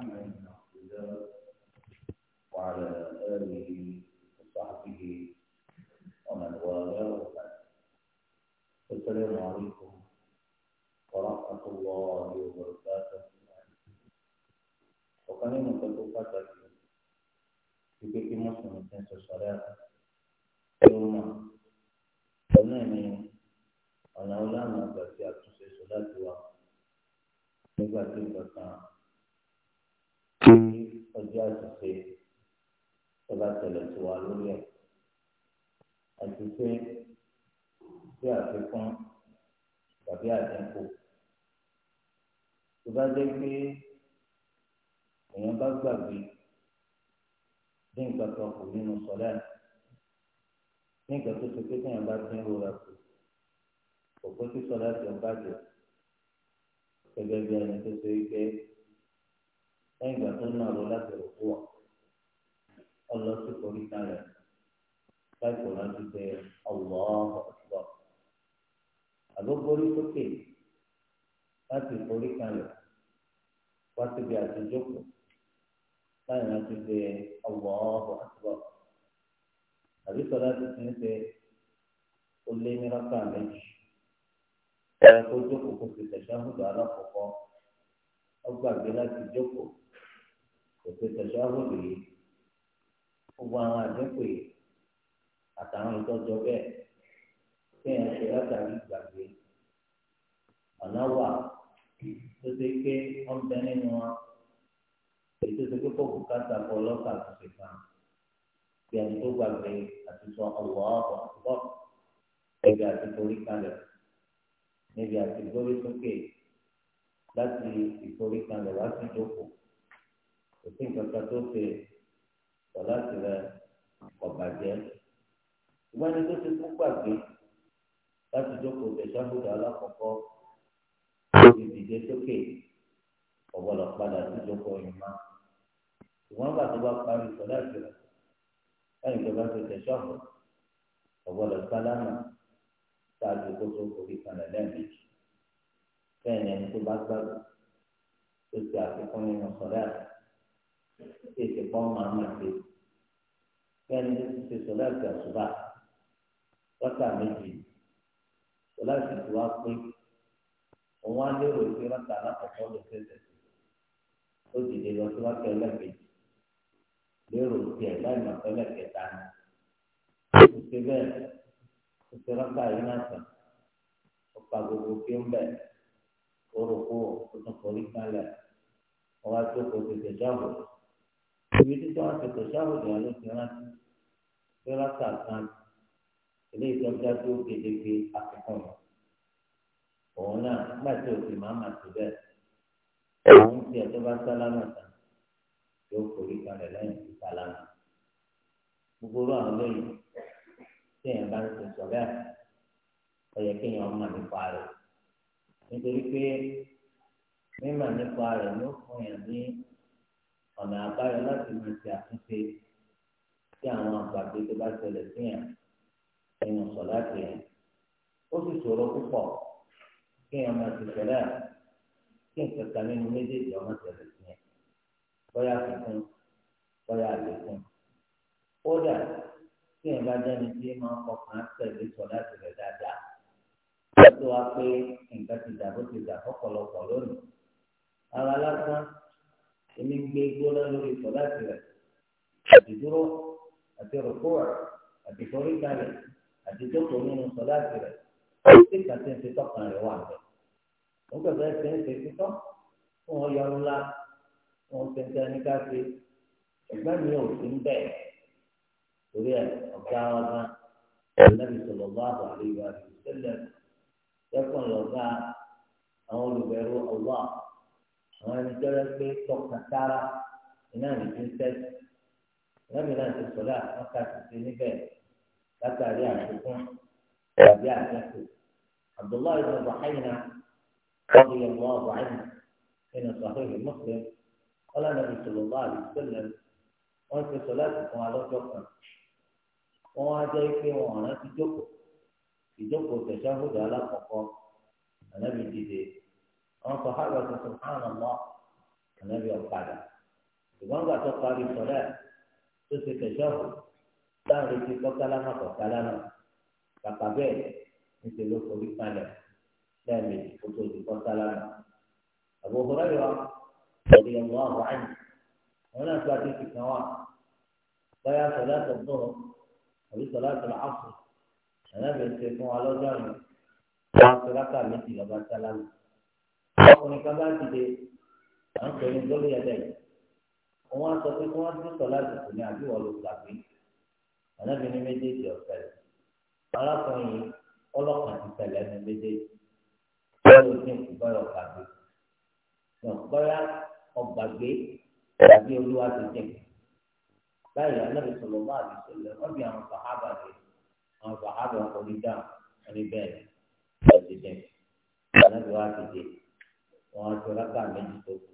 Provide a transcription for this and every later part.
محمد بن عبد الله وعلى آله وصحبه ومن والاه السلام عليكم ورحمة الله وبركاته وكلمة الفتاة في بيت مسلم تنسى الصلاة ثم ونعم أنا أولى ما بس يأتي صلاة وقت nígbà tí nǹkan kan ọjọ́ àṣìṣe tó bá tẹ̀lé tí wà lórí ẹ̀ àṣìṣe tí àfikún tàbí àdínkù tó bá jẹ́ pé èèyàn bá gbàgbé dín nǹkan kan kù nínú sọ́lá ní nǹkan tó ṣe pé téèyàn bá dín rora kù òpó tí sọ́lá ti ń bàjẹ́ gẹ́gẹ́ bí ẹni tó ṣe pé. lẹ́yìn ìgbà tó náà lọ láti òkú wà ọlọ sí koríta rẹ̀ láìpò láti tẹ ọwọ́ ọ̀pọ̀ àgbógorí sókè láti koríta rẹ̀ wá síbi àtijọ́kọ̀ láì láti tẹ ọwọ́ ọ̀pọ̀ àbí sọ láti ní òpè tẹ̀síwájú yìí gbogbo àwọn àdínkù yìí àtàwọn ìtọ́jọ bẹ́ẹ̀ kéèyàn ṣe látàrí ìgbàgbé ọ̀nà wà tó ṣe pé wọ́n bẹ nínú wọn èyí tó ṣe pé kò bùkátà kọ ọlọ́kà tó ṣe kan bí ẹni tó gbàgbé àti sọ ọ̀wọ́ ọ̀pọ̀ àtúbọ̀ ẹgbẹ́ àti forí kalẹ̀ níbi àti gbórí sókè láti ìforí kalẹ̀ wá sí ìjókòó kò sí nǹkan kan tó ṣe sọlá ti rẹ ọ̀bàjẹ́ ìwọ́n ẹni tó ti kú gbàgbé láti jókòó tẹ̀síwájú alákọ̀ọ́kọ́ lórí ìdíje sókè ọ̀gbọ́dọ̀ padà sí ìjókòó yìí má ìwọ́n gbà tó bá parí sọlá ti rẹ lẹ́yìn tó bá ti tẹ̀síwájú ọ̀gbọ́dọ̀ sálámà ṣáájú kó tó forí kalẹ̀ lẹ́ẹ̀mejì bẹ́ẹ̀ ni ẹni tó bá gbàgbé tó ti àfikún nínú sọlá rẹ̀. ètè pọ́n máa ń àti kẹ́ni tó ti ṣe sọ̀lá àṣùbà rákà méjì sọ̀lá àti ìtura pé òun á lérò pé rákà alákọ̀ọ́kọ́ ló tẹ̀sẹ̀ ó dìde lọ sí rákà ẹlẹ́kẹ̀jì lérò tiẹ̀ láì mọ̀ pẹ́lẹ́ kẹta ni ó ṣe bẹ́ẹ̀ ó yìí náà ibi tí sọ́wọ́n ti tò sáwùdì wọn ló ti rántí pẹ́rọ́tà kan eléyìí tó dá tó gedegbe àfikún rẹ̀ òun náà nígbà tí òsì máa mà sí bẹ́ẹ̀ òun ti ẹ̀ tó bá sálámà tán yóò forí kalẹ̀ lẹ́yìn tí sálámà gbogbo àwọn lẹ́yìn tí ẹ̀ bá ń sọ sọ bẹ́ẹ̀ ó yẹ kéèyàn mọ̀ nípa rẹ̀ nítorí pé mímọ̀ nípa rẹ̀ ló fún yàn ní ọ̀nà àbáyọ láti máa ṣe àtúnṣe sí àwọn àgbàdo tó bá ṣẹlẹ̀ sí yàn nínú sọ̀lá tiẹ̀. ó sì ṣòro púpọ̀ kí èèyàn máa ti ṣẹlẹ̀ kí nǹkan kan nínú méjèèjì ọmọ ṣẹlẹ̀ sí yàn bóyá tuntun bóyá àlékún. kódà tí èèyàn bá jẹ́ni tí máa ń tẹ̀lé sọ̀lá tiẹ̀ dáadáa wọ́n tó wá pé nǹkan ti dà bó ti dà fọ́pọ̀lọpọ̀ lónìí. ara lásán èmi ń gbé gbóná lórí sọláàtì rẹ̀ àdìdúró àti rògbòwà àdìforí kalẹ̀ àdìdókò nínú sọláàtì rẹ̀ tí kàtí ń fi tọkàn rẹ̀ wà bẹ̀. wọ́n gbẹ̀gbẹ́ ṣe ń ṣe títọ́ fún wọn yọ ńlá wọn ṣe ń tẹ́ ní káfí mi ò sí ń bẹ̀ torí ẹ̀ ọ̀gá ọ̀gá ọ̀lẹ́bí sọ̀rọ̀ bá àwọn àríwá ìṣẹ̀lẹ̀ yẹ́pọ̀ lọ́gá àwọn olùbẹ̀rù ọ̀wọ́ àwọn ẹni tó rẹ pé tọkàn sára iná rẹ ti ń tẹ́sí lẹ́yìn náà ti sọ̀lá wọn kà sí sí níbẹ̀ látàrí àfikún tàbí àtẹ́kù abdullahi ibn buhayna ọ̀dọ̀ yẹn wọ́n buhayna nínú sàkéyì mọ́sẹ̀ ọlọ́nà ìṣòlòwà àdìsílẹ̀ wọ́n ti sọ̀lá ti fún alọ́jọ́ kan wọ́n wá jẹ́ pé wọn ọ̀ràn ti jókòó ìjókòó tẹ̀sán alákọ̀ọ́kọ́ ànábì àwọn sọ̀hábà tó sùn hàn lọ́ ànábì ọ̀padà ìgbọ́n gbà tó parí sọ̀rẹ́ tó ṣe kẹ̀ṣọ́ọ̀bù táwọn retí kọ́kálámà kọ́kálámà kàkà bẹ́ẹ̀ níṣẹ́ ló forí kalẹ̀ lẹ́ẹ̀mejì kó tó di kọ́kálámà Abu Hurairah ọ̀dẹ̀ ọ̀gbọ́n àwọn àyìn wọn náà gba títí kan wà báyà sọ̀rọ̀ àtọ̀tọ̀ àbí sọ̀rọ̀ àtọ̀rọ̀ àfọ̀ ànábì ń ṣe fún wa lọ́jọ́ àná wọn sọ̀rọ̀ àkà méjì lọ́ba sálámù ọkùnrin kan bá ti dé à ń pẹ̀lú lórí ẹ̀dá yìí wọ́n á sọ pé kí wọ́n ti sọ láti sùn ní àbí wọ́n ló gbàgbé ọ̀nàbìnrin méjèèjì ọ̀fẹ́ arákùnrin ọlọ́kàn ti tẹ̀lé ní méjèèjì bọ́ọ̀lù ní ìgbọ́yọ̀ gbàgbé ìgbọ́yà ọ̀gbàgbé tàbí olúwa ti dé báyìí anábì sọ̀rọ̀ bá àbí sọ̀rọ̀ wọ́n bí àwọn sàhábà rẹ̀ àwọn sàhábà onídàá oníbẹ̀rẹ̀ ẹ̀ ti dé anábì wọn á tó rákà méjì tó kù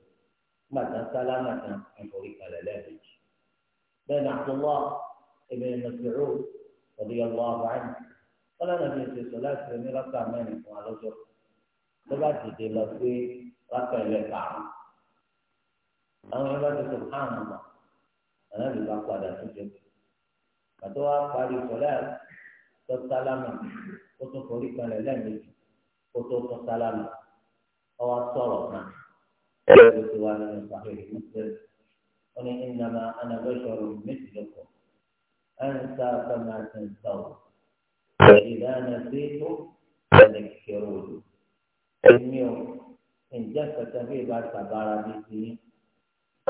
nígbà tán sálámà tán àforí kalẹ̀ lẹ́ẹ̀mejì bẹ́ẹ̀ ni Abdullah ibn Mas'ud radiyallahu anhu wọn lọ́nà bí ètò ìsọ̀lá ìṣẹ̀lẹ̀ ní rákà mẹ́rin fún alọ́jọ́ ló bá dìde lọ sí rákà ẹlẹ́ka àwọn ẹgbẹ́ tuntun hàn na ànábì bá padà tó jẹ pàtó wá parí ìsọ̀lá tó sálámà kó tó forí kó tó tó ọwọ́ sọ̀rọ̀ kan ẹ̀rọ ti wá nínú sàfẹ́ ìmúṣẹ́ ó ní ìnáma anabẹ́sọ̀rọ̀ méjìlélọ́kọ̀ ẹ̀ńtà kàmáṣẹ́ńtàwọ̀ ìdáná sí tó ẹ̀lẹ́ kẹrù òdò ẹ̀mí o ǹjẹ́ kẹta bí ìbá sàbára bí ti yín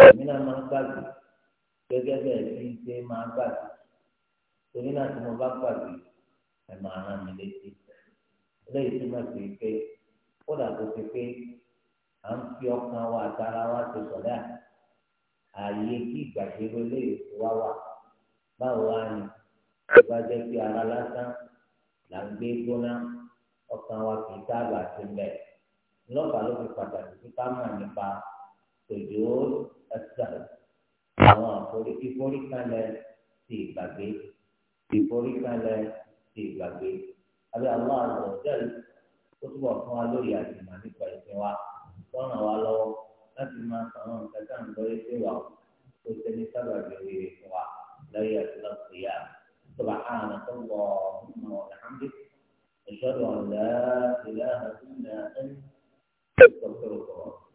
èmi náà máa ń gbàgbé gẹ́gẹ́ bẹ́ẹ̀ bí ṣe máa ń gbàgbé torí náà tí mo bá gbàgbé ẹ̀ máa rán mi létí lẹ́yìn tí mo sì pé kódà tó ti pé à ń fi ọkàn wa àtàrà wa ti sọ̀dá ààyè kí ìgbàgbére lè wá wà báwo wá ni ìgbà jẹ́ pé ara lásán là ń gbé gbóná ọkàn wa kì í sábà ti mẹ́ lọ́ọ̀bà ló fi pàtàkì sí ká mọ̀ nípa tòjó ẹsẹ̀ àwọn ìforíkalẹ̀ ti ìgbàgbé ìforíkalẹ̀ ti ìgbàgbé abẹ́ àwọn àgbọ̀n jẹ́rìí ó túbọ̀ fún wa lórí àtìmọ̀ nípa ìsìn wa fọ́nà wa lọ́wọ́ láti máa sàwọn nǹkan tá à ń lọ́yẹ́ sí wa ó ṣe ní sábàbí rere fún wa lọ́yẹ́ àti lọ́sẹ̀ yá سبحانك اللهم وبحمدك أشهد أن لا إله إلا أنت أستغفرك وأتوب